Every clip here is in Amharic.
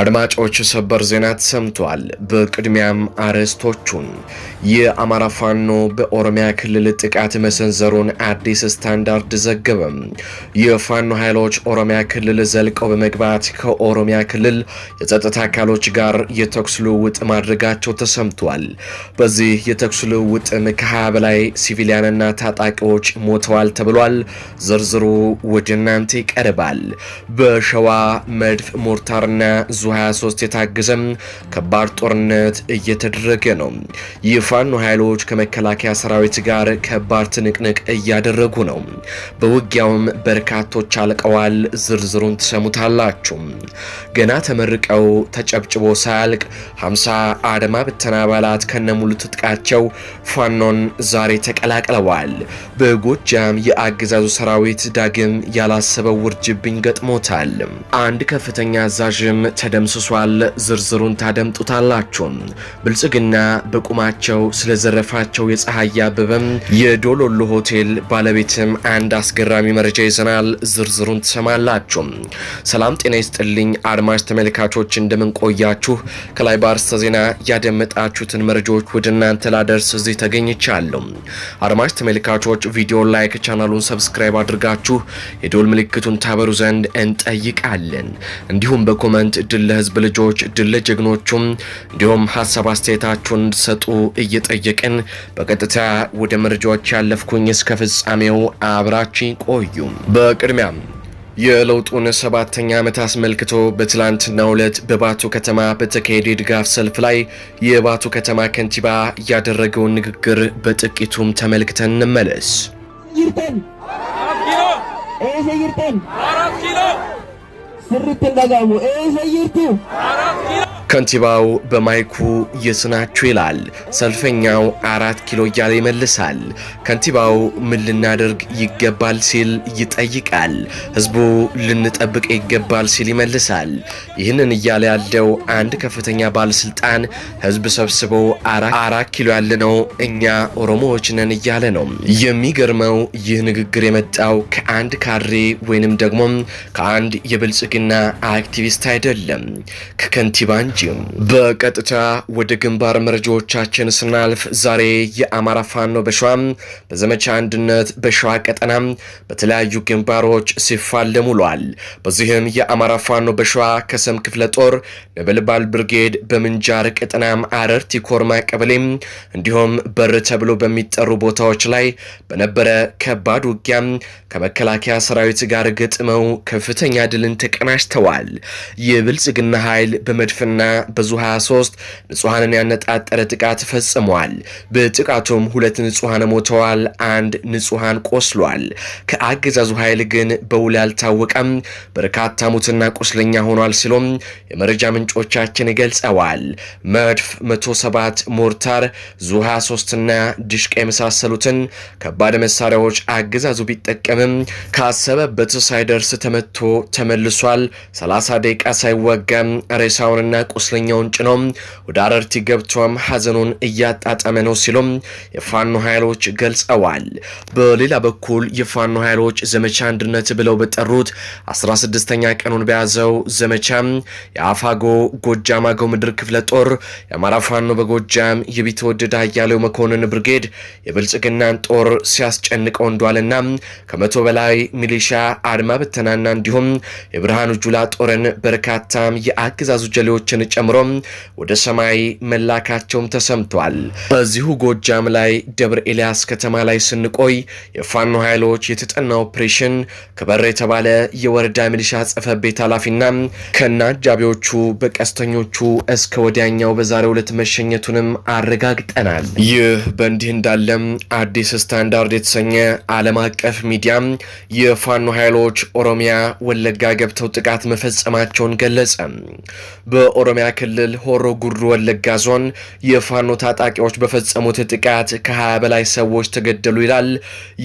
አድማጮች ሰበር ዜና ተሰምቷል። በቅድሚያም አርዕስቶቹን የአማራ ፋኖ በኦሮሚያ ክልል ጥቃት መሰንዘሩን አዲስ ስታንዳርድ ዘገበም። የፋኖ ኃይሎች ኦሮሚያ ክልል ዘልቀው በመግባት ከኦሮሚያ ክልል የጸጥታ አካሎች ጋር የተኩስ ልውውጥ ማድረጋቸው ተሰምቷል። በዚህ የተኩስ ልውውጥም ከሀያ በላይ ሲቪሊያንና ታጣቂዎች ሞተዋል ተብሏል። ዝርዝሩ ወደ እናንተ ይቀርባል። በሸዋ መድፍ ሞርታርና በዙ 23 የታገዘ ከባድ ጦርነት እየተደረገ ነው። የፋኖ ኃይሎች ከመከላከያ ሰራዊት ጋር ከባድ ትንቅንቅ እያደረጉ ነው። በውጊያውም በርካቶች አልቀዋል። ዝርዝሩን ትሰሙታላችሁ። ገና ተመርቀው ተጨብጭቦ ሳያልቅ 50 አድማ ብተና አባላት ከነሙሉ ትጥቃቸው ፋኖን ዛሬ ተቀላቅለዋል። በጎጃም የአገዛዙ ሰራዊት ዳግም ያላሰበው ውርጅብኝ ገጥሞታል። አንድ ከፍተኛ አዛዥም ተደምስሷል። ዝርዝሩን ታደምጡታላችሁ። አላቸውም። ብልጽግና በቁማቸው ስለዘረፋቸው የፀሐይ አበበም የዶሎሎ ሆቴል ባለቤትም አንድ አስገራሚ መረጃ ይዘናል። ዝርዝሩን ትሰማላችሁ። ሰላም ጤና ይስጥልኝ አድማጭ ተመልካቾች፣ እንደምንቆያችሁ ከላይ ባርስተ ዜና ያደመጣችሁትን መረጃዎች ወደ እናንተ ላደርስ እዚህ ተገኝቻለሁ። አድማጭ ተመልካቾች ቪዲዮ ላይክ፣ ቻናሉን ሰብስክራይብ አድርጋችሁ የዶል ምልክቱን ታበሩ ዘንድ እንጠይቃለን። እንዲሁም በኮመንት ድል ለህዝብ ልጆች ድል ለጀግኖቹም እንዲሁም ሀሳብ አስተያየታችሁን እንድሰጡ እየጠየቅን በቀጥታ ወደ መረጃዎች ያለፍኩኝ እስከ ፍጻሜው አብራችን ቆዩ። በቅድሚያም የለውጡን ሰባተኛ ዓመት አስመልክቶ በትላንትናው ዕለት በባቱ ከተማ በተካሄደ የድጋፍ ሰልፍ ላይ የባቱ ከተማ ከንቲባ ያደረገውን ንግግር በጥቂቱም ተመልክተን እንመለስ። ስርት ከንቲባው በማይኩ የስናችሁ ይላል፣ ሰልፈኛው አራት ኪሎ እያለ ይመልሳል። ከንቲባው ምን ልናደርግ ይገባል ሲል ይጠይቃል። ህዝቡ ልንጠብቅ ይገባል ሲል ይመልሳል። ይህንን እያለ ያለው አንድ ከፍተኛ ባለስልጣን ህዝብ ሰብስቦ አራት ኪሎ ያለ ነው እኛ ኦሮሞዎች ነን እያለ ነው። የሚገርመው ይህ ንግግር የመጣው ከአንድ ካድሬ ወይንም ደግሞ ከአንድ የብልጽግና አክቲቪስት አይደለም ከከንቲባን ቴክኖሎጂም በቀጥታ ወደ ግንባር መረጃዎቻችን ስናልፍ ዛሬ የአማራ ፋኖ በሸዋ በዘመቻ አንድነት በሸዋ ቀጠና በተለያዩ ግንባሮች ሲፋለም ውሏል። በዚህም የአማራ ፋኖ በሸዋ ከሰም ክፍለ ጦር ነበልባል ብርጌድ በምንጃር ቀጠናም አረርቲ ኮርማ ቀበሌም እንዲሁም በር ተብሎ በሚጠሩ ቦታዎች ላይ በነበረ ከባድ ውጊያም ከመከላከያ ሰራዊት ጋር ገጥመው ከፍተኛ ድልን ተቀናጅተዋል። የብልጽግና ኃይል በመድፍና በዙ 23 ንጹሐንን ያነጣጠረ ጥቃት ፈጽሟል። በጥቃቱም ሁለት ንጹሐን ሞተዋል፣ አንድ ንጹሐን ቆስሏል። ከአገዛዙ ኃይል ግን በውል አልታወቀም፣ በርካታ ሙትና ቁስለኛ ሆኗል ሲሉም የመረጃ ምንጮቻችን ገልጸዋል። መድፍ 107 ሞርታር ዙ 23ና ድሽቃ የመሳሰሉትን ከባድ መሳሪያዎች አገዛዙ ቢጠቀምም ካሰበበት ሳይደርስ ተመቶ ተመልሷል። 30 ደቂቃ ሳይወጋም ሬሳውንና ቁስለኛውን ጭኖ ወደ አረርቲ ገብቶም ሐዘኑን እያጣጠመ ነው ሲሉም የፋኖ ኃይሎች ገልጸዋል። በሌላ በኩል የፋኖ ኃይሎች ዘመቻ አንድነት ብለው በጠሩት 16ኛ ቀኑን በያዘው ዘመቻ የአፋጎ ጎጃም አገው ምድር ክፍለ ጦር የአማራ ፋኖ በጎጃም የቢትወደድ አያሌው መኮንን ብርጌድ የብልጽግናን ጦር ሲያስጨንቀው እንዷልና ከመቶ በላይ ሚሊሻ አድማ ብተናና እንዲሁም የብርሃኑ ጁላ ጦርን በርካታ የአገዛዙ ጀሌዎችን ጨምሮ ወደ ሰማይ መላካቸውም ተሰምቷል። በዚሁ ጎጃም ላይ ደብረ ኤልያስ ከተማ ላይ ስንቆይ የፋኖ ኃይሎች የተጠና ኦፕሬሽን ከበር የተባለ የወረዳ ሚሊሻ ጽሕፈት ቤት ኃላፊና ከነ አጃቢዎቹ በቀስተኞቹ እስከ ወዲያኛው በዛሬው ዕለት መሸኘቱንም አረጋግጠናል። ይህ በእንዲህ እንዳለም አዲስ ስታንዳርድ የተሰኘ ዓለም አቀፍ ሚዲያ የፋኖ ኃይሎች ኦሮሚያ ወለጋ ገብተው ጥቃት መፈጸማቸውን ገለጸ። በኦሮሚያ ክልል ሆሮ ጉሩ ወለጋ ዞን የፋኖ ታጣቂዎች በፈጸሙት ጥቃት ከ20 በላይ ሰዎች ተገደሉ ይላል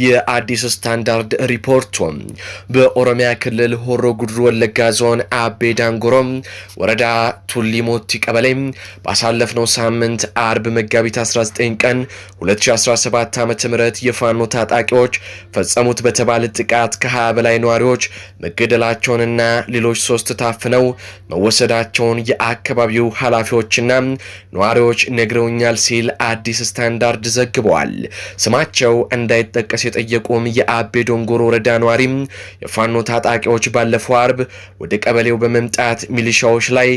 የአዲስ ስታንዳርድ ሪፖርቱ። በኦሮሚያ ክልል ሆሮ ጉሩ ወለጋ ዞን አቤ ዳንጎሮም ወረዳ ቱሊሞቲ ቀበሌ ባሳለፍነው ሳምንት አርብ መጋቢት 19 ቀን 2017 ዓ ም የፋኖ ታጣቂዎች ፈጸሙት በተባለ ጥቃት ከ20 በላይ ነዋሪዎች መገደላቸውንና ሌሎች ሶስት ታፍነው መወሰዳቸውን የአ የአካባቢው ኃላፊዎችና ነዋሪዎች ነግረውኛል ሲል አዲስ ስታንዳርድ ዘግበዋል። ስማቸው እንዳይጠቀስ የጠየቁም የአቤ ዶንጎሮ ወረዳ ነዋሪም የፋኖ ታጣቂዎች ባለፈው አርብ ወደ ቀበሌው በመምጣት ሚሊሻዎች ላይ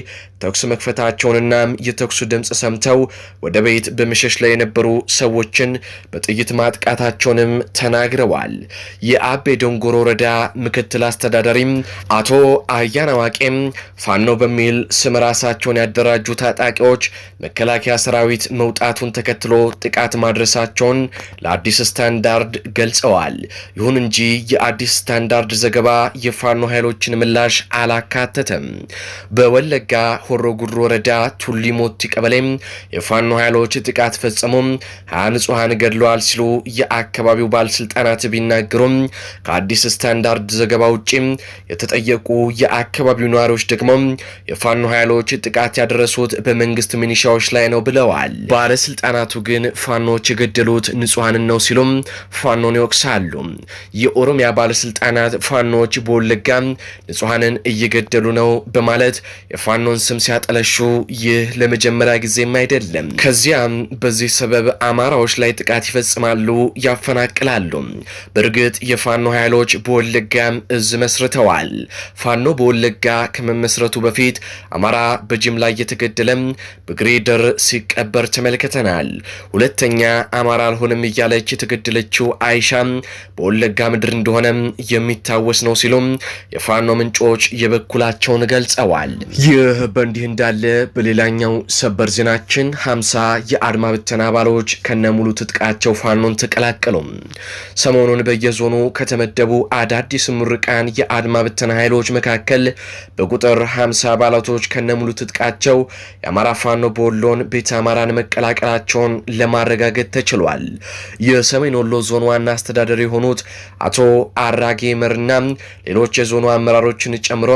ተኩስ መክፈታቸውንና የተኩሱ ድምፅ ሰምተው ወደ ቤት በመሸሽ ላይ የነበሩ ሰዎችን በጥይት ማጥቃታቸውንም ተናግረዋል። የአቤ ዶንጎሮ ወረዳ ምክትል አስተዳዳሪም አቶ አያናዋቄም ፋኖ በሚል ስም ራሳ ራሳቸውን ያደራጁ ታጣቂዎች መከላከያ ሰራዊት መውጣቱን ተከትሎ ጥቃት ማድረሳቸውን ለአዲስ ስታንዳርድ ገልጸዋል። ይሁን እንጂ የአዲስ ስታንዳርድ ዘገባ የፋኖ ኃይሎችን ምላሽ አላካተተም። በወለጋ ሆሮ ጉድሮ ወረዳ ቱሊ ሞቲ ቀበሌም የፋኖ ኃይሎች ጥቃት ፈጸሙም፣ ሀያ ንጹሐን ገድለዋል ሲሉ የአካባቢው ባለስልጣናት ቢናገሩም ከአዲስ ስታንዳርድ ዘገባ ውጭ የተጠየቁ የአካባቢው ነዋሪዎች ደግሞ የፋኖ ኃይሎች ጥቃት ያደረሱት በመንግስት ሚኒሻዎች ላይ ነው ብለዋል። ባለስልጣናቱ ግን ፋኖች የገደሉት ንጹሐንን ነው ሲሉም ፋኖን ይወቅሳሉ። የኦሮሚያ ባለስልጣናት ፋኖች በወለጋ ንጹሐንን እየገደሉ ነው በማለት የፋኖን ስም ሲያጠለሹ ይህ ለመጀመሪያ ጊዜም አይደለም። ከዚያም በዚህ ሰበብ አማራዎች ላይ ጥቃት ይፈጽማሉ፣ ያፈናቅላሉ። በእርግጥ የፋኖ ኃይሎች በወለጋም እዝ መስርተዋል። ፋኖ በወለጋ ከመመስረቱ በፊት አማራ በጅምላ እየተገደለም በግሬደር ሲቀበር ተመልክተናል። ሁለተኛ አማራ አልሆንም እያለች የተገደለችው አይሻ በወለጋ ምድር እንደሆነም የሚታወስ ነው ሲሉም የፋኖ ምንጮች የበኩላቸውን ገልጸዋል። ይህ በእንዲህ እንዳለ በሌላኛው ሰበር ዜናችን ሀምሳ የአድማ ብተና አባሎች ከነሙሉ ትጥቃቸው ፋኖን ተቀላቀሉ። ሰሞኑን በየዞኑ ከተመደቡ አዳዲስ ምርቃን የአድማ ብተና ኃይሎች መካከል በቁጥር 50 አባላቶች ከነሙሉ ትጥቃቸው የአማራ ፋኖ በወሎን ቤተ አማራን መቀላቀላቸውን ለማረጋገጥ ተችሏል። የሰሜን ወሎ ዞን ዋና አስተዳደር የሆኑት አቶ አራጌ መርና ሌሎች የዞኑ አመራሮችን ጨምሮ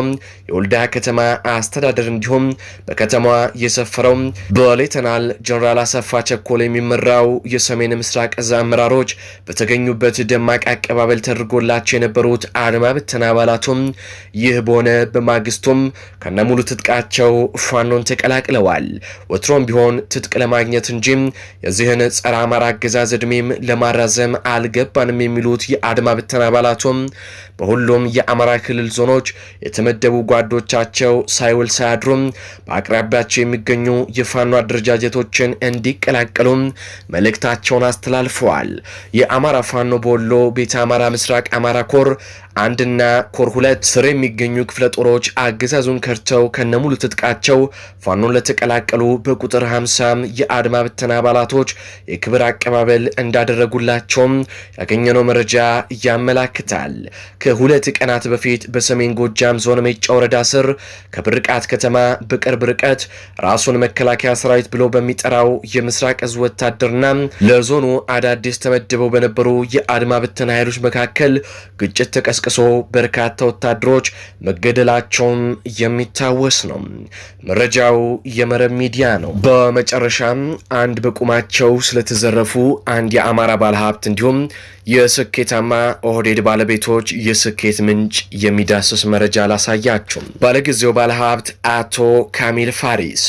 የወልዳ ከተማ አስተዳደር እንዲሁም በከተማዋ የሰፈረው በሌተናል ጀኔራል አሰፋ ቸኮል የሚመራው የሰሜን ምስራቅ እዝ አመራሮች በተገኙበት ደማቅ አቀባበል ተደርጎላቸው የነበሩት አድማ ብተና አባላቱም ይህ በሆነ በማግስቱም ከነሙሉ ትጥቃቸው ፋኖን ተቀላቅለዋል። ወትሮም ቢሆን ትጥቅ ለማግኘት እንጂም የዚህን ጸረ አማራ አገዛዝ እድሜም ለማራዘም አልገባንም የሚሉት የአድማ ብተና አባላቱም በሁሉም የአማራ ክልል ዞኖች የተመደቡ ጓዶቻቸው ሳይውል ሳያድሩም በአቅራቢያቸው የሚገኙ የፋኖ አደረጃጀቶችን እንዲቀላቀሉም መልእክታቸውን አስተላልፈዋል። የአማራ ፋኖ በወሎ ቤተ አማራ ምስራቅ አማራ ኮር አንድና ኮር ሁለት ስር የሚገኙ ክፍለ ጦሮች አገዛዙን ከርተው ከነሙሉ ትጥቃ ናቸው። ፋኖን ለተቀላቀሉ በቁጥር 50 የአድማ ብተና አባላቶች የክብር አቀባበል እንዳደረጉላቸውም ያገኘነው መረጃ ያመላክታል። ከሁለት ቀናት በፊት በሰሜን ጎጃም ዞን ሜጫ ወረዳ ስር ከብርቃት ከተማ በቅርብ ርቀት ራሱን መከላከያ ሰራዊት ብሎ በሚጠራው የምስራቅ እዝ ወታደርና ለዞኑ አዳዲስ ተመድበው በነበሩ የአድማ ብተና ኃይሎች መካከል ግጭት ተቀስቅሶ በርካታ ወታደሮች መገደላቸውም የሚታወስ ነው። መረጃው የመረብ ሚዲያ ነው። በመጨረሻም አንድ በቁማቸው ስለተዘረፉ አንድ የአማራ ባለሀብት እንዲሁም የስኬታማ ኦህዴድ ባለቤቶች የስኬት ምንጭ የሚዳስስ መረጃ አላሳያችሁም። ባለጊዜው ባለሀብት አቶ ካሚል ፋሪስ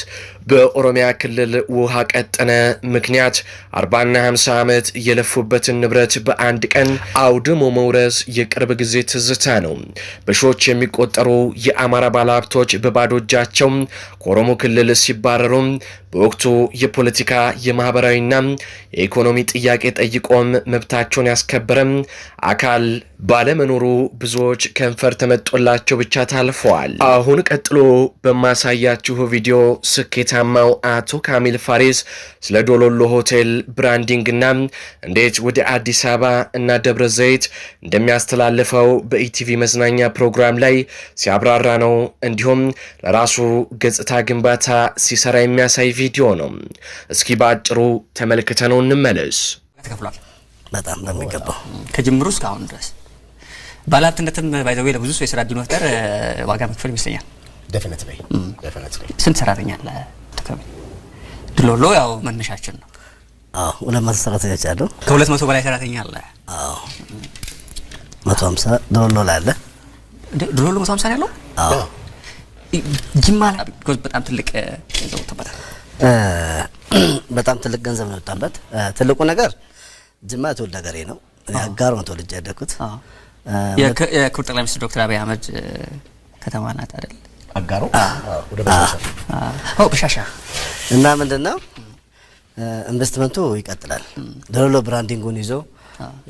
በኦሮሚያ ክልል ውሃ ቀጠነ ምክንያት 40ና 50 ዓመት የለፉበትን ንብረት በአንድ ቀን አውድሞ መውረስ የቅርብ ጊዜ ትዝታ ነው። በሺዎች የሚቆጠሩ የአማራ ባለሀብቶች በባዶ እጃቸው ከኦሮሞ ክልል ሲባረሩ በወቅቱ የፖለቲካ የማህበራዊና የኢኮኖሚ ጥያቄ ጠይቆም መብታቸውን ያስከበረም አካል ባለመኖሩ ብዙዎች ከንፈር ተመጦላቸው ብቻ ታልፈዋል። አሁን ቀጥሎ በማሳያችሁ ቪዲዮ ስኬታማው አቶ ካሚል ፋሪስ ስለ ዶሎሎ ሆቴል ብራንዲንግና እንዴት ወደ አዲስ አበባ እና ደብረ ዘይት እንደሚያስተላልፈው በኢቲቪ መዝናኛ ፕሮግራም ላይ ሲያብራራ ነው። እንዲሁም ለራሱ ገጽታ ግንባታ ሲሰራ የሚያሳይ ቪዲዮ ነው። እስኪ በአጭሩ ተመልክተነው እንመለስ። ተከፍሏል በጣም በሚገባው ከጅምሩ እስከ አሁን ድረስ ባለሀብትነትም ባይዘዌ ለብዙ ሰው የስራ እድል መፍጠር ዋጋ መክፈል ይመስለኛል። ስንት ሰራተኛ አለ? ድሎሎ ያው መነሻችን ነው። ሁለት መቶ ሰራተኞች አሉ። ከሁለት መቶ በላይ ሰራተኛ አለ። መቶ ሀምሳ ድሎሎ ላይ አለ። ድሎሎ መቶ ሀምሳ ያለው ጅማ በጣም ትልቅ ዘውተበታል በጣም ትልቅ ገንዘብ ነው የወጣበት። ትልቁ ነገር ጅማ ትውልድ ሀገሬ ነው። አጋር ነው ተወልጄ ያደግኩት። የክቡር ጠቅላይ ሚኒስትር ዶክተር አብይ አህመድ ከተማ ናት አይደል? አጋሩ በሻሻ እና ምንድን ነው ኢንቨስትመንቱ ይቀጥላል። ደሎሎ ብራንዲንጉን ይዞ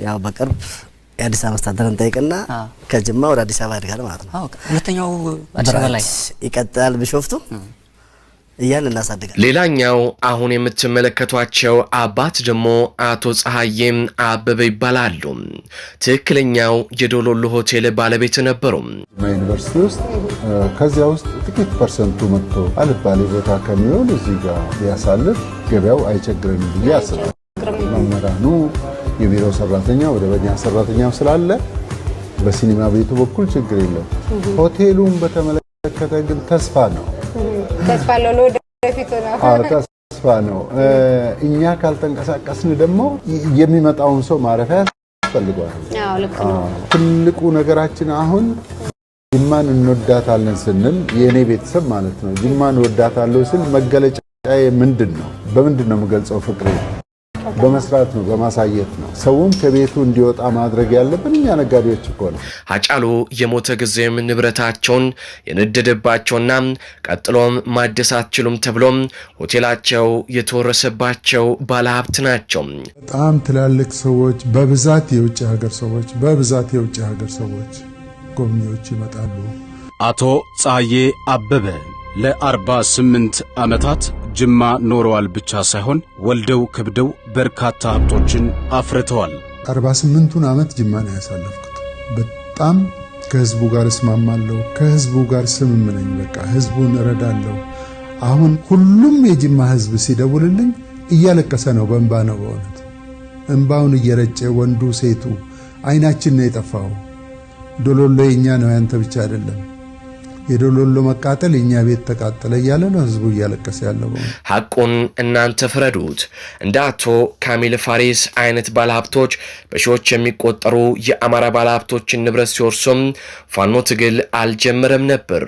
ያው በቅርብ የአዲስ አበባ አስተዳደርን ጠይቅና ከጅማ ወደ አዲስ አበባ ያድጋል ማለት ነው። ሁለተኛው አዲስ አበባ ላይ ይቀጥላል ቢሾፍቱ እያን እናሳድጋል። ሌላኛው አሁን የምትመለከቷቸው አባት ደግሞ አቶ ፀሐዬም አበበ ይባላሉ። ትክክለኛው የዶሎሎ ሆቴል ባለቤት ነበሩ። ዩኒቨርሲቲ ውስጥ ከዚያ ውስጥ ጥቂት ፐርሰንቱ መጥቶ አልባሌ ቦታ ከሚሆን እዚህ ጋር ቢያሳልፍ ገበያው አይቸግረን ብዬ አስባል። መምህራኑ፣ የቢሮ ሰራተኛ፣ ወደ በኛ ሰራተኛው ስላለ በሲኒማ ቤቱ በኩል ችግር የለም። ሆቴሉን በተመለከተ ግን ተስፋ ነው ተስፋ ነው። እኛ ካልተንቀሳቀስን ደግሞ የሚመጣውን ሰው ማረፊያ ያስፈልገዋል። ትልቁ ነገራችን አሁን ጅማን እንወዳታለን ስንል የእኔ ቤተሰብ ማለት ነው። ጅማን እወዳታለሁ ስል መገለጫ ምንድን ነው? በምንድን ነው የምገልጸው ፍቅሬ በመስራት ነው፣ በማሳየት ነው። ሰውም ከቤቱ እንዲወጣ ማድረግ ያለብን እኛ ነጋዴዎች እኮ ነው። የሞተ ጊዜም ንብረታቸውን የነደደባቸውና ቀጥሎም ማደስ አትችሉም ተብሎም ሆቴላቸው የተወረሰባቸው ባለሀብት ናቸው። በጣም ትላልቅ ሰዎች በብዛት የውጭ ሀገር ሰዎች በብዛት የውጭ ሀገር ሰዎች ጎብኚዎች ይመጣሉ። አቶ ፀሐዬ አበበ ለ48 ዓመታት ጅማ ኖረዋል ብቻ ሳይሆን ወልደው ከብደው በርካታ ሀብቶችን አፍርተዋል። 48ቱን ዓመት ጅማ ነው ያሳለፍኩት። በጣም ከህዝቡ ጋር እስማማለሁ፣ ከህዝቡ ጋር ስምምነኝ፣ በቃ ህዝቡን እረዳለሁ። አሁን ሁሉም የጅማ ህዝብ ሲደውልልኝ እያለቀሰ ነው፣ በእንባ ነው። በእውነት እንባውን እየረጨ ወንዱ ሴቱ፣ አይናችን ነው የጠፋው። ዶሎሎ የእኛ ነው ያንተ ብቻ አይደለም። የዶሎሎ መቃጠል የእኛ ቤት ተቃጠለ እያለ ነው ህዝቡ እያለቀሰ ያለው። ሀቁን እናንተ ፍረዱት። እንደ አቶ ካሚል ፋሪስ አይነት ባለሀብቶች በሺዎች የሚቆጠሩ የአማራ ባለሀብቶችን ንብረት ሲወርሱም ፋኖ ትግል አልጀመረም ነበር።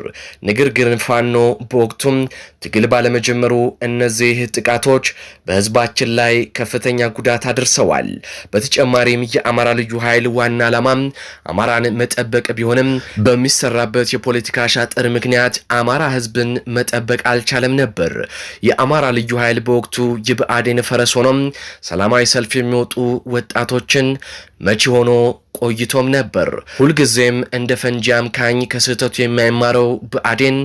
ንግር ግን ፋኖ በወቅቱም ትግል ባለመጀመሩ እነዚህ ጥቃቶች በህዝባችን ላይ ከፍተኛ ጉዳት አድርሰዋል። በተጨማሪም የአማራ ልዩ ኃይል ዋና ዓላማ አማራን መጠበቅ ቢሆንም በሚሰራበት የፖለቲካ ሻ አጥር ምክንያት አማራ ህዝብን መጠበቅ አልቻለም ነበር። የአማራ ልዩ ኃይል በወቅቱ የብአዴን ፈረስ ሆኖም ሰላማዊ ሰልፍ የሚወጡ ወጣቶችን መቺ ሆኖ ቆይቶም ነበር። ሁልጊዜም እንደ ፈንጂ አምካኝ ከስህተቱ የማይማረው ብአዴን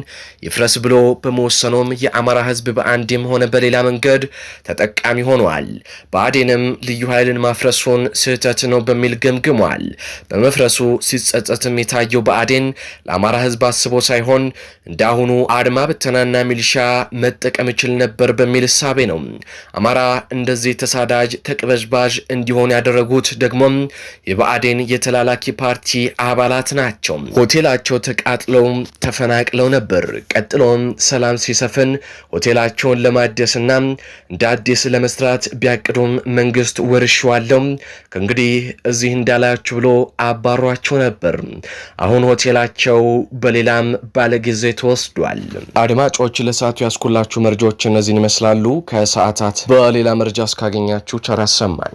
ይፍረስ ብሎ በመወሰኖም የአማራ ህዝብ በአንድም ሆነ በሌላ መንገድ ተጠቃሚ ሆኗል። ብአዴንም ልዩ ኃይልን ማፍረሱን ስህተት ነው በሚል ገምግሟል። በመፍረሱ ሲጸጸትም የታየው ብአዴን ለአማራ ህዝብ አስቦ ሳይሆን እንደ አሁኑ አድማ ብተናና ሚሊሻ መጠቀም ይችል ነበር በሚል እሳቤ ነው አማራ እንደዚህ ተሳዳጅ ተቅበዝባዥ እንዲሆን ያደረጉት ደግሞም የብአዴን የተላላኪ ፓርቲ አባላት ናቸው። ሆቴላቸው ተቃጥለው ተፈናቅለው ነበር። ቀጥሎም ሰላም ሲሰፍን ሆቴላቸውን ለማደስና እንደ አዲስ ለመስራት ቢያቅዱም መንግስት ወርሽዋለው ከእንግዲህ እዚህ እንዳላችሁ ብሎ አባሯቸው ነበር። አሁን ሆቴላቸው በሌላም ባለጊዜ ተወስዷል። አድማጮች ለሰዓቱ ያስኩላችሁ መረጃዎች እነዚህን ይመስላሉ። ከሰዓታት በሌላ መረጃ እስካገኛችሁ ቸር አሰማኝ።